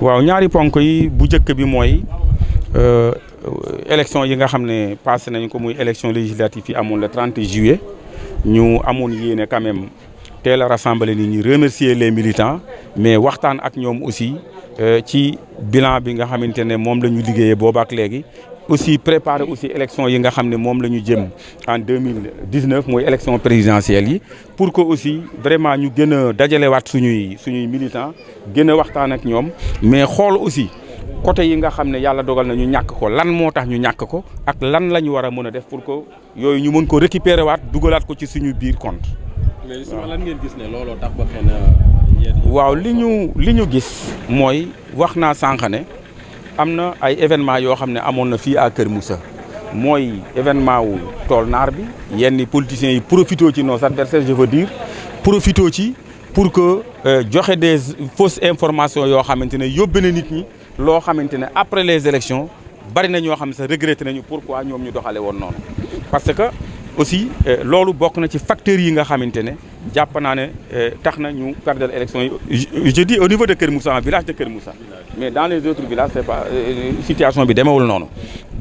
waaw ñaari ponk yi bu njëkk bi mooy euh, élection yi nga xam ne passé nañ ko muy élection législative yi amoon le 30 juillet ñu amoon yéene ne même teel a rassembler nit ñi remercier les militants mais waxtaan ak ñoom aussi euh, ci bilan bi nga xamante ne moom la ñu liggéeyee boobaak léegi aussi préparer aussi élection yi nga xam ne moom la ñu jëm en deux mille dix neuf mooy élection présidentielle yi pour que aussi vraiment ñu gën a dajalewaat suñuy suñuy militants gën a waxtaan ak ñoom mais xool aussi côté yi nga xam ne yàlla dogal na ñu ñàkk ko lan moo tax ñu ñàkk ko ak lan la ñu war a mën a def pour que yooyu ñu mën ko récupérer waat dugalaat ko ci suñu biir compte. mais sama lan ngeen gis ne looloo tax ba xëy waaw li ñu li ñu gis mooy wax naa sànq ne. am na ay événement yoo xam ne amoon na fii à Kër Moussa mooy événement wu tool naar bi yenn politiciens yi profité ci nos adversaires je veux dire profité ci pour que euh, joxe des fausses informations yoo xamante ne yóbbe na nit ñi loo xamante ne après les élections bari na ñoo xam ne sax regretté nañu pourquoi ñoom ñu doxale woon noonu parce que aussi euh, loolu bokk na ci facteurs yi nga xamante ne jàpp naa ne euh, tax na ñu perdre élection yi je dis au niveau de Kër Moussa village de Kër mais dans les autres villages c'est pas euh, situation bi demewul noonu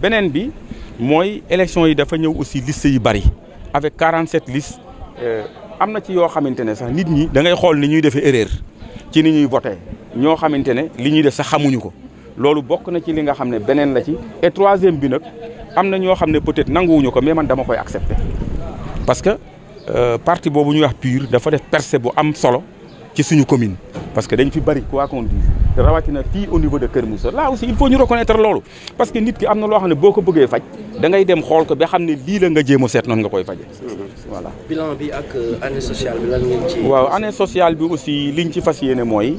beneen bi mooy élection yi dafa ñëw aussi liste yi bari avec 47 listes euh, am na ci yoo xamante ne sax nit ñi da ngay xool ni ñuy defee erreur ci ni ñuy voté ñoo xamante ne li ñuy def sax xamuñu ko loolu bokk na ci li nga xam ne beneen la ci et troisième bi nag am na ñoo xam ne peut-être nanguwuñu ko mais man dama koy accepter Euh, parti boobu ñu wax PUR dafa def percée bu am solo ci suñu commune parce que dañ fi bari quoi qu'on dise rawatina fii au niveau de Kër Moussa la aussi il faut ñu reconnaître loolu parce que nit ki am na loo xam ne boo ko bëggee faj da ngay dem xool ko ba xam ne lii la nga jéem seet noonu nga koy faje voilà bilan bi ak euh, année sociale bi lan ngeen ci. waaw année sociale bi aussi liñ ci fas yéene mooy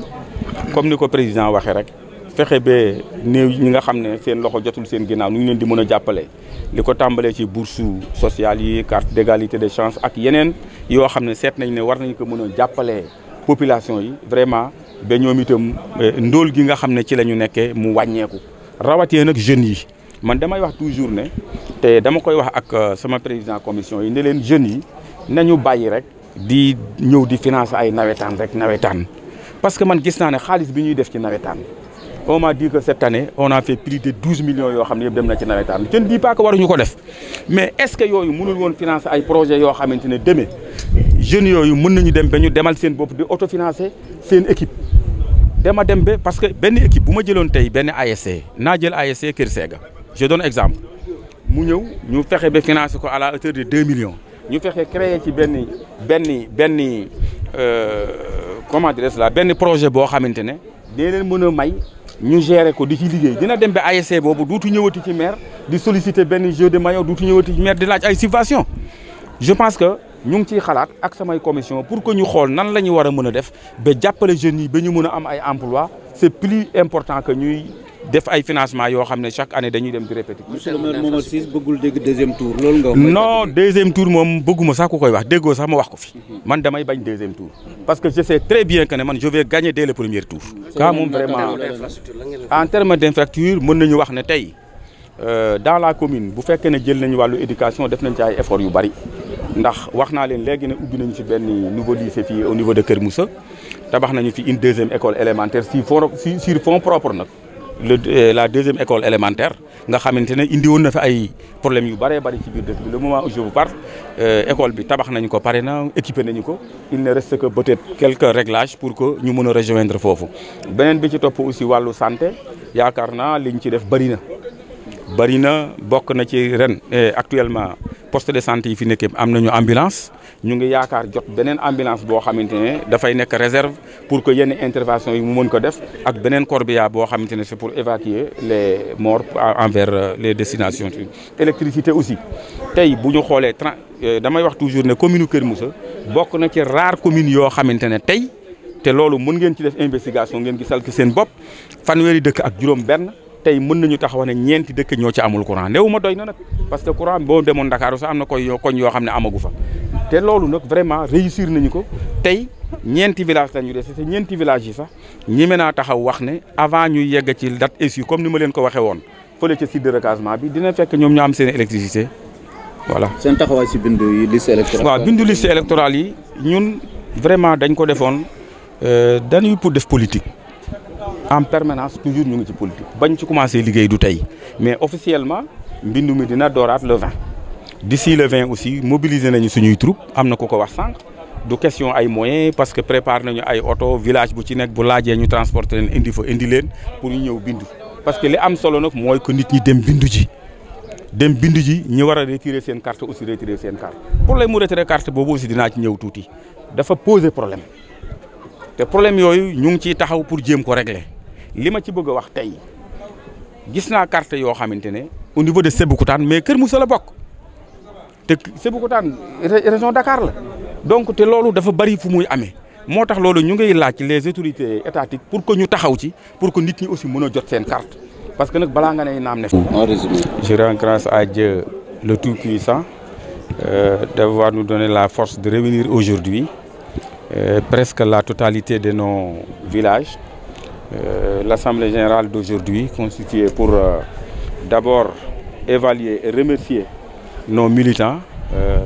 comme ni ko président waxee rek. fexe ba néew ñi nga xam ne seen loxo jotul seen ginnaaw ñu ngi leen di mën a jàppale li ko tàmbalee ci bourse sociale yi carte d'égalité de chances ak yeneen yoo xam ne seet nañ ne war nañ ko mën a jàppale population yi vraiment ba ñoom itam eh, ndóol gi nga xam ne ci la ñu nekkee mu wàññeeku rawatee ak jeunes yi man damay wax toujours ne te dama koy wax ak euh, sama président commission yi ne leen jeunes yi ñu bàyyi rek di ñëw di finance ay nawetaan rek nawetaan parce que man gis naa ne xaalis bi ñuy def ci nawetaan on m'a dit que cette année on a fait plus de douze millions yoo xam ne yëpp dem na ci nawetaan je ne dis pas que waruñu ko def mais est-ce que yooyu mënul woon financer ay projets yoo xamante ne demee jeunes yooyu mën nañu dem ba ñu demal seen bopp di autofinancer seen équipe. dama dem ba parce que benn équipe bu ma jëloon tey benn ASC naa jël ASC Kër Sega je donne exemple mu ñëw ñu fexe ba financer ko à la hauteur de deux millions. ñu fexe créer ci benn benn benn euh, comment dirais-je la benn projet boo xamante ne. dina mën a may. ñu gérer ko di ci liggéey dina dem ba ASC boobu duutu ñëwati ci maire di solliciter benn jeu de maillot duutu ñëwati ci maire di laaj ay subvention je pense que ñu ngi ciy xalaat ak samay commission pour que ñu xool nan la ñu war a mën a def ba jàppale jeunes yi ba ñu mën a am ay emploi c'est plus important que ñuy def ay financement yoo xam ne chaque année dañuy dem di répéter. monsieur le maire Momar Ciss bëggul non deuxième tour moom bëgguma sax ku koy wax déggoo sax ma wax ko fi. man damay bañ deuxième tour. parce que je sais très bien que ne man je vais gagner dès le premier tour. kaa moom vraiment en terme d'infrastructure mën nañu wax ne tey euh, dans la commune bu fekkee ne jël nañu wàllu éducation def nañ ci ay efforts yu bari. ndax wax naa leen léegi ne ubbi nañu fi benn nouveau lycée fii au niveau de Kër Moussa tabax nañu fi une deuxième école élémentaire si fond si sur fonds propre nag. Euh, la deuxième école élémentaire nga xamante ne indi woon na fi ay problèmes yu bëree bëri ci biir dëkk bi le moment où je vous euh, école bi tabax nañu ko pare na équipé nañu ko il ne reste que peut-être quelques réglages pour que ñu mën a rejoindre foofu. beneen bi ci topp aussi wàllu santé yaakaar naa liñ ci def bëri na. bari na bokk na ci ren eh, actuellement poste de santé yi fi nekkee am nañu ambulance ñu ngi yaakaar jot beneen ambulance boo xamante ne dafay nekk réserve pour que yenn intervention yi mu mën ko def ak beneen corbillard boo xamante ne c'est pour évacuer le morts envers euh, les destinations électricité aussi tey bu ñu xoolee tra euh, damay wax toujours ne commune Kër Moussa bokk na ci rare commune yoo xamante ne tey te loolu mën ngeen ci def investigation ngeen gisal ci seen bopp fanweeri dëkk ak juróom benn tey mën nañu taxaw ne ñeenti dëkk ñoo ci amul courant néew ma doy na nag parce que courant boo demoon Dakar sax am na koy koñ yoo xam ne amagu fa te loolu nag vraiment réussir nañu ko tey ñeenti village la ñu dese te ñeenti village yi sax ñi mën naa taxaw wax ne avant ñuy yegg ci date issue comme ni ma leen ko waxee woon fële ca site de recasement bi dina fekk ñoom ñu am seen électricité voilà. seen taxawaay si bindu liste électorale waaw bindu liste électorale yi ñun vraiment dañ ko defoon euh, dañuy pour def politique. en permanence toujours ñu ngi ci politique bañ ci commencé liggéey du tey mais officiellement mbindu mi dina dooraat le 20 d'ici le 20 aussi mobiliser nañu suñuy troupe am na ko ko wax sànq du question ay moyens parce que prépare nañu ay oto village bu ci nekk bu laajee ñu transporter leen indi fo indi leen pour ñu ñëw bindu parce que li am solo nag mooy que nit ñi dem bindu ji dem bindu ji ñi war a retirer seen carte aussi retirer seen carte problème mu retirer carte boobu aussi dinaa ci ñëw dafa poser problème te yooyu ñu ngi ciy taxaw pour jéem ko régler li ma ci bëgg a wax tey gis naa carte yoo xamante ne au niveau de Sébikotane mais Kër Moussa la bokk te Sébikotane région Dakar la donc te loolu dafa bari fu muy amee moo tax loolu ñu ngay laaj les autorités étatiques pour que ñu taxaw ci pour que nit ñi aussi mën a jot seen carte parce que nag balaa nga ne naam ne. en je rends grâce à le Tout-Puissant euh, d'avoir nous donné la force de revenir aujourd'hui euh, presque la totalité de nos villages. Euh, l'Assemblée générale d'aujourd'hui euh, d'abord évaluer et remercier nos militants euh,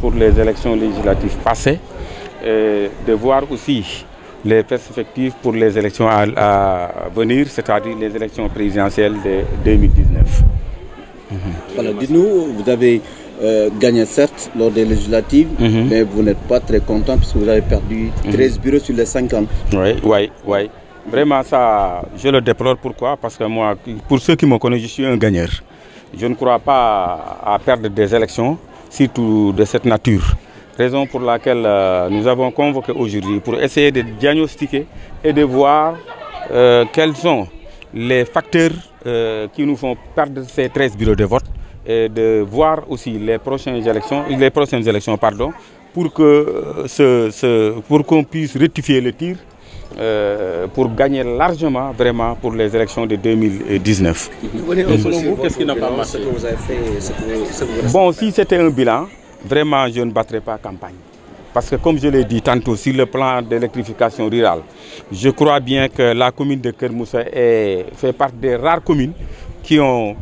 pour les élections législatives passées et de voir aussi les perspectives pour les élections à, à venir, c'est-à-dire les élections présidentielles de mhm. vous avez gagné certes lors des législatives, mmh. mais vous n'êtes pas très content puisque vous avez perdu 13 mhm. sur les 50. Oui, Vraiment, ça, je le déplore. Pourquoi Parce que moi, pour ceux qui me connaissent, je suis un gagneur. Je ne crois pas à perdre des élections, surtout de cette nature. Raison pour laquelle euh, nous avons convoqué aujourd'hui pour essayer de diagnostiquer et de voir euh, quels sont les facteurs euh, qui nous font perdre ces 13 bureaux de vote et de voir aussi les prochaines élections, les prochaines élections pardon, pour que euh, ce, pour qu'on puisse rectifier le tir Euh, pour gagner largement vraiment pour les élections de 2019. Qu'est-ce qui n'a pas marché Bon, si c'était un vraiment je ne battrai campagne. Parce que comme je l'ai dit le plan d'électrification rurale, je crois bien que la commune de Kermoussa fait partie des rares communes qui ont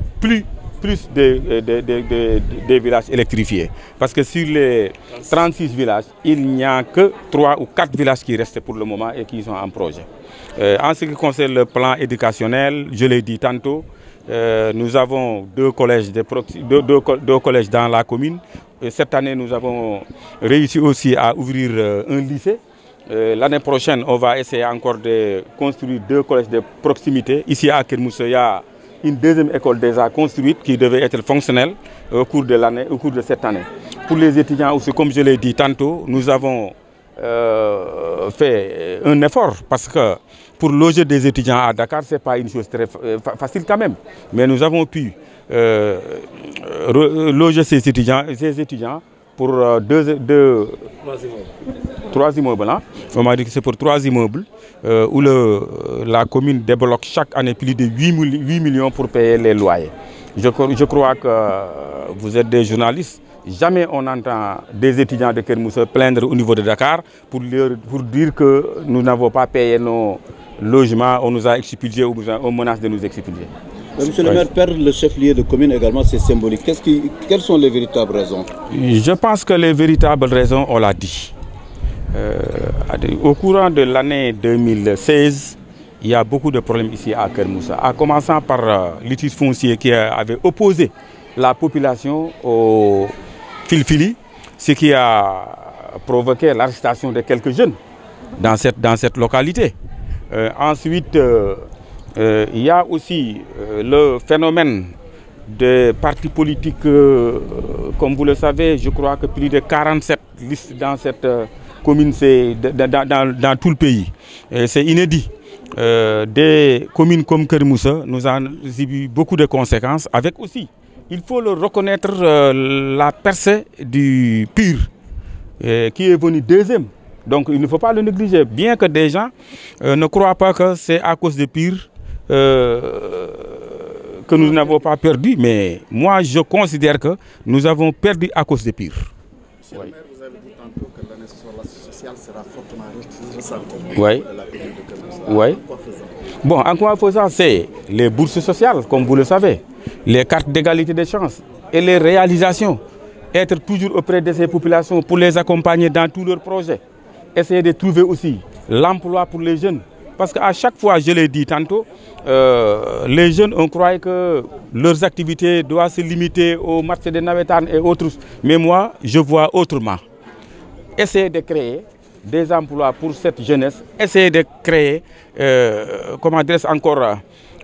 plus euh, de, de, de, de, villages électrifiés. Parce que sur les 36 villages, il n'y a que 3 ou 4 villages qui restent pour le moment et qui sont en projet. Euh, en ce qui concerne le plan éducationnel, je l'ai dit tantôt, euh, nous avons deux collèges, de deux, de deux collèges dans la commune. Et cette année, nous réussi aussi à ouvrir euh, un lycée. Euh, L'année prochaine, on va essayer encore de construire deux collèges de proximité. Ici à Kermoussoya, une deuxième école déjà construite qui devait être fonctionnelle euh, au cours de l'année, au cours de cette année. Pour les étudiants aussi, comme je l'ai dit tantôt, nous avons euh, fait un effort parce que pour loger des étudiants à Dakar, ce n'est pas une chose très euh, facile quand même. Mais nous avons pu euh, loger ces étudiants, ces étudiants pour deux, deux... trois immeubles. Hein. On m'a dit que c'est pour trois immeubles euh, euh la commune débloque chaque année plus de 8, 8 millions pour payer les loyers. Je, je, crois que euh, vous êtes des journalistes. Jamais on entend des étudiants de Kermousse plaindre au niveau de Dakar pour, leur, dire que nous n'avons pas payé nos logements, on nous a expulsés ou on menace de nous expulser. Monsieur le maire, perdre le chef-lieu de commune également, c'est symbolique. quelles sont les véritables que les véritables raisons, on l'a dit. Euh, au courant de l'année 2016, il y a de problèmes ici à Kermoussa, en commençant par euh, litige foncier qui avait opposé la population au filfili, ce qui a provoqué de quelques jeunes dans cette, dans cette localité. Euh, ensuite, euh, euh, il euh, le phénomène des partis politiques, comme vous le savez, je crois que plus de 47 listes dans cette communes c'est dans, dans, dans, tout le pays. C'est inédit. Euh, des communes comme Kermoussa, nous en eu beaucoup de conséquences, avec aussi, il faut le reconnaître, euh, la percée du pire, euh, qui est venu deuxième. Donc il ne faut pas le négliger, bien que des gens euh, ne croient pas que c'est à cause de pire euh, que nous n'avons pas perdu, mais moi je considère que nous avons perdu à cause de pire. commerciale sera fortement ressentie oui. oui. Bon, en quoi faisant, c'est les bourses sociales, comme vous le savez, les cartes d'égalité des chance et les réalisations. Être toujours auprès de ces populations pour les accompagner dans tous leurs projets. Essayer de trouver aussi l'emploi pour les jeunes. Parce à chaque fois, je l'ai dit tantôt, euh, les jeunes, on croit que leurs activités doivent se limiter au marché de navettanes et autres. Mais moi, je vois autrement. Essayer de créer des emplois pour cette jeunesse, essayer de créer, euh, comment dire encore,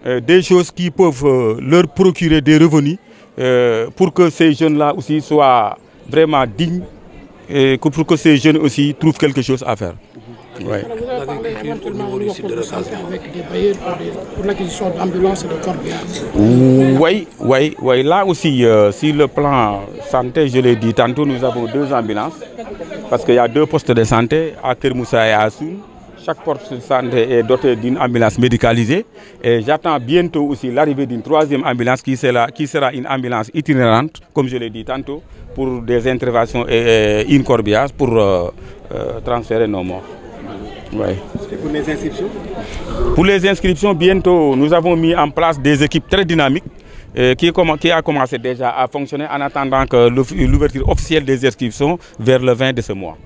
euh, des choses qui peuvent euh, leur procurer des revenus euh, pour que ces jeunes-là aussi soient vraiment dignes et pour que ces jeunes aussi trouvent quelque chose à faire. way pour l'acquisition Là aussi, euh, sur le plan santé, je l'ai dit tantôt, nous avons deux ambulances parce qu'il y a deux postes de santé à Kermoussa et à Soun. Chaque poste de santé est doté d'une ambulance médicalisée. Et j'attends bientôt aussi l'arrivée d'une troisième ambulance qui sera, qui sera une ambulance itinérante, comme je l'ai dit tantôt, pour des interventions et, et pour euh, euh, transférer nos morts. les inscriptions Pour les inscriptions, bientôt, nous avons mis en place des équipes très dynamiques Euh, qui, qui a commencé déjà à fonctionner en attendant que l'ouverture officielle des inscriptions vers le 20 de ce mois.